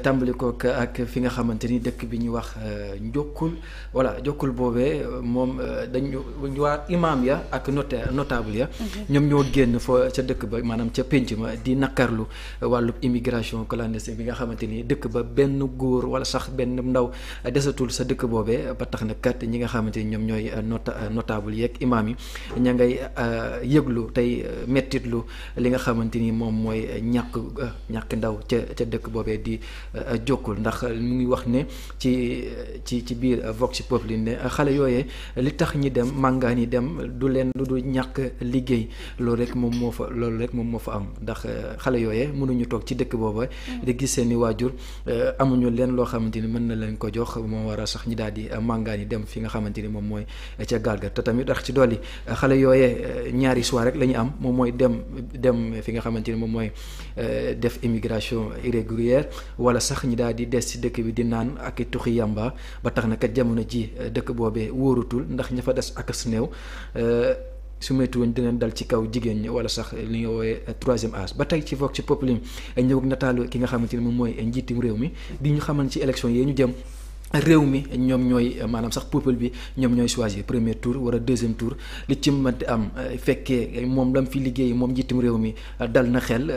tàmbali ko ak fi nga xamante ni dëkk bi ñu wax njokkul voilà njokkul boobee moom dañu waa imaam ya ak noté notable ya mhm. ñoom ñoo génn foo ca dëkk ba maanaam ca pénc ma di nakarlu wàllub immigration clandestine bi nga xamante ni dëkk ba benn góor wala sax benn ndaw desatul sa dëkk boobee ba tax na kat ñi nga xamante ni ñoom ñooy nota notable yeeg imaam yi ña ngay euh, yëglu tey euh, mettitlu li nga xamante ni moom mooy ñàkk euh, ñàkk ndaw ca ca dëkk boobee di Euh, euh, jokkul ndax euh, mu ngi wax ne ci ci ci biir Vox Populi ne xale yooye li tax ñi dem màngaan yi dem du leen lu dul ñàkk liggéey loolu rek moom moo fa loolu rek moom moo fa am ndax xale yooyee mënuñu toog ci dëkk booba mm. di gis seen i waajur amuñu leen loo xamante ni mën na leen ko jox moo war a sax ñi daal di màngaan yi dem fi nga xamante ni moom mooy ca gaal te tamit ndax ci dolli xale yooyee ñaari soir rek la ñu am moom mooy dem dem fi nga xamante ni moom mooy def immigration irrégulière wala sax ñi daal di des ci dëkk bi di naan ak tuxi yamba ba tax na kat jamono ji eh, dëkk boobee wóoratul ndax ña fa des ak as néew eh, su metti woon dinañ dal ci kaw jigéen ñi wala sax li nga woowe eh, troisième âge ba teg ci foog Vox Populi ñëw nataalu ki nga xamante ne moom mooy njiitum réew mi di ñu xamal ci élection yi ñu jëm. réumi ñom ñoy euh, manam sax peuple premier tour wala deuxième tour li ci Madame am euh, mom lam fi liggéey euh, dal na xel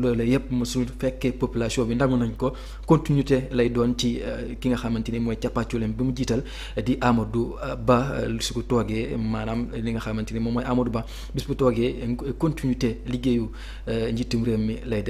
lolé yépp su population bi continuité lay doon ci ki nga xamanteni moy di Amadou Ba su ko li nga Amadou Ba bis bu continuité liggéeyu lay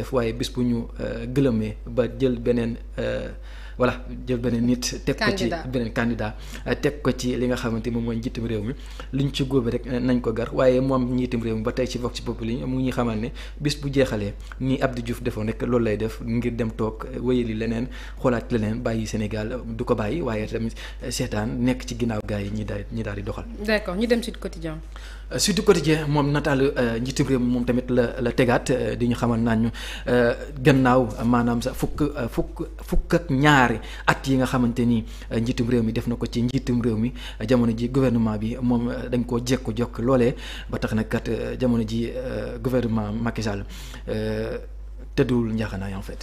voilà jël beneen nit. teg ko ci beneen candidat euh, teg ko ci li nga xamante moom mooy njiitum réew mi luñ ci góobe rek euh, nañ ko gar waaye moom njiitum réew mi ba tey ci vox populi mu ngi xamal ne bu jeexalee nii Abdou Diouf defoon rek loolu lay def ngir dem toog euh, wéyali leneen xoolaat leneen bàyyi Sénégal du ko bàyyi waaye tamit seetaan nekk ci ginnaaw gars yi ñi daal ñi daal di doxal. d'accord ñu dem Sud Quotidien. Sud Quotidien moom nataalu njiitum réew moom tamit la la tegaat di ñu xamal naan ñu gannaaw maanaam sax fukk fukk fukk ak ñaar. ñaari at yi nga xamante ni eh, njiitum réew mi def na ko ci njiitum réew mi eh, jamono ji gouvernement bi moom eh, dañ koo jekku jokk loolee ba tax na kat jamono ji gouvernement Macky Sall tëddul njaaxanaay en fait.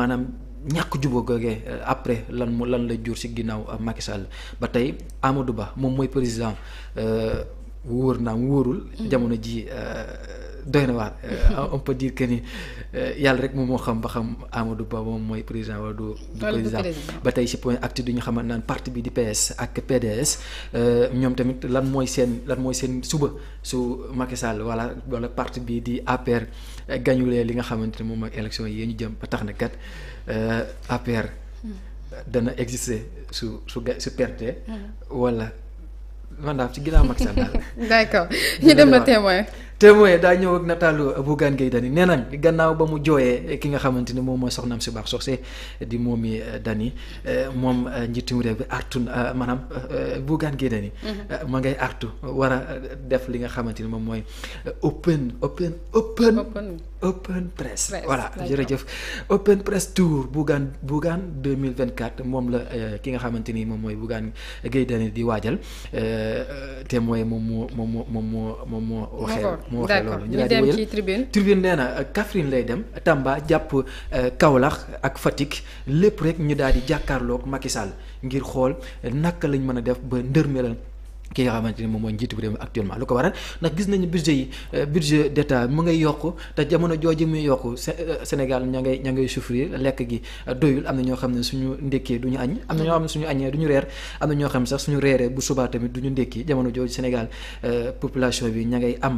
maanaam ñàkk jubóo googee euh, après lan mu lan la jur ci ginnaaw euh, Macky Sall ba tey Amadou Ba moom mooy président euh, wóor naam wóorul. Mm. jamono ji. doy na waar euh, on peut dire que ni euh, yàlla rek moom moo xam ba xam du Ba moom mooy président wala du. président ba tey si point acte du ñu xamante naan parti bi di PS ak PDS euh, ñoom tamit lan mooy seen lan mooy seen suba su Macky Sall wala wala parti bi di APR gañulee li nga xamante ne moom mooy élection yi ñu jëm ba tax na kat APR. dana exister su su su perte. Hmm. wala man daal ci ginnaaw Macky Sall daal. ñu dem la témoin. témoin daa ñëw ak nataalu Bougane Gueye Dany nee nañ gannaaw ba mu jooyee ki nga xamante ni moom mooy soxnaam si baax soxse di eh, eh, moom yi Dany moom njiitum réew bi artu eh, maanaam Bougane Gueye Dany mm-hmm. ma ngay artu war a def li nga xamante ni moom mooy open open open open press voilà jërëjëf open press tour Bougane Bougane 2024 moom la ki nga xamante ni moom mooy Bougane Gueye Dany di waajal témoin moom moo moom moo moom moo moom moo waxee mu waxee loolu ñu dem ci tribune tribune nee na euh, Kaffrine lay dem Tamba jàpp euh, Kaolack ak Fatick lépp rek ñu daal di jàkkaarloog Macky Sall ngir xool naka lañ mën a def ba ndërmeelal ki nga xamante ni moom mooy njiitu réew mi actuellement lu ko waral ndax gis nañu budget yi euh, euh, gi euh, doyul am na ñoo xam ne suñu ndékkee du ñu añ am na ñoo du ñu reer am na ñoo xam ne sax suñu reeree bu subaa tamit du ñu ndékki jamono jooju bi ña ngay am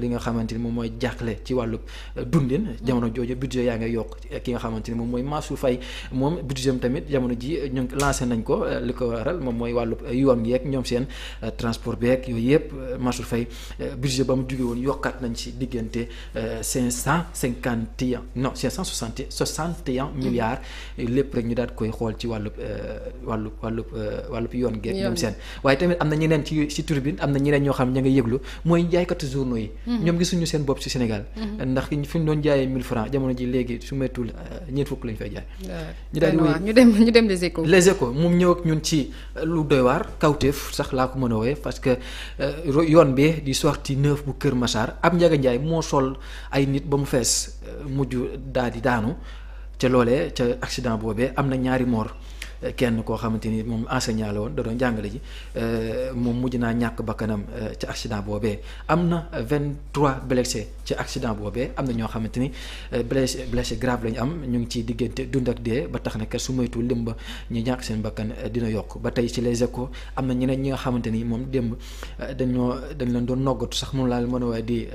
li nga xamante ni moom mooy jaaxle ci wàllu dundin jamono jooju budget yaa ngay yokk ki nga xamante ni moom mooy Mansour Faye moom budget tamit jamono ji ñu lancé nañ ko li ko waral moom mooy wàllu yoon gi ak ñoom seen transport beeg yooyu yëpp euh, Mansour Faye euh, budget ba mu jugee woon yokkaat nañ ci diggante euh, cinq cent cinquante et un non soixante et soixante mm. et lépp rek ñu daal koy xool ci wàllub wàllub yoon geeg ñoom seen waaye tamit am na ñeneen ci turbine am na ñeneen ñoo xam ña nga yëglu mooy jaaykatu journaux yi mm-hmm. ñoom gisuñu seen bopp ci Sénégal mm-hmm. ndax fi ñu doon jaayee mille francs jamono ji léegi su mettul ñeent fukk lañ fay jaay ñu daal ñu dem les échos moom ñëw ñun ci lu doy waar a woowee parce que euh, yoon bi di sortie neuf bu Kër Massar ab Njaga Njaay moo sol ay nit ba mu fees euh, mujj daal di daanu ca loole ca accident boobe am na ñaari moor kenn koo xamante ni moom enseignant la woon da doon jàngale ji euh, moom mujj naa ñàkk bakkanam euh, ci accident boobee am na vingt trois blessés ci accident boobee am na ñoo xamante ni euh, blessé grave la ñu am ñu ngi ciy diggante dund ak dee ba tax na kat su moytu lim ñu ñàkk seen bakkan dina yokk ba tey ci les am na ñeneen ñi nga xamante ni moom démb dañoo dañ leen doon noggatu sax moom laa leen mën a waaye di.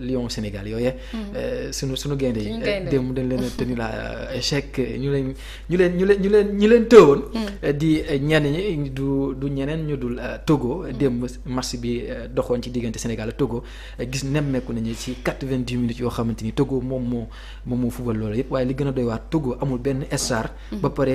lion Sénégal yooye mm. euh, sunu sunu gaynde yi démb dañ leen tenu la euh, échec ñu leen ñu leen ñu leen ñu leen ñu leen tëwoon mm. euh, di ñenn du du ñeneen ñu dul Togo mm. démb match bi doxoon ci diggante Sénégal Togo gis nemmeeku nañu ci quatre-vingt-dix yoo xamante ni Togo moom moo moom moo fubal loolu yëpp waaye li gën a doy waat Togo amul benn star ba pare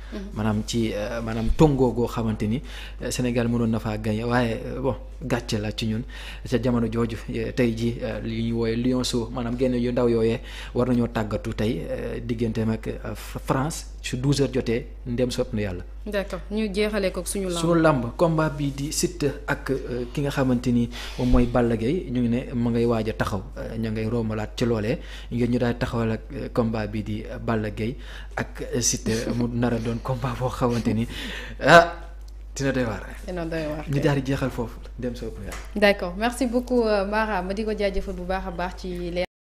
Mhm. maanaam ci euh, maanaam tongoo goo xamante ni euh, Sénégal mënoon na faa gagné waaye euh, bon gàcce la ci ñun ca jamono jooju tey ji li ñu wooye lionceau maanaam génn yu ndaw yooyee war nañoo tàggatu tey diggante ak France su 12 heures jotee ndem sopp na yàlla. d'accord ñu jeexalee ko suñu. lamb suñu lamb bi di Siteu ak ki nga xamante ni moom mooy Balla Gaye ñu ngi ne ma ngay waaj a taxaw ña ngay rombalaat ci loolee ngeen ñu daal taxawal ak combat bi di Balla Gaye ak Siteu mu nar a doon combat boo xamanteni ah. dina doy war dina doy war ni daal di jeexal foofu dem soo ko yàlla. d' merci beaucoup euh, Mara ma di ko jaajëfal bu baakha a baax ci.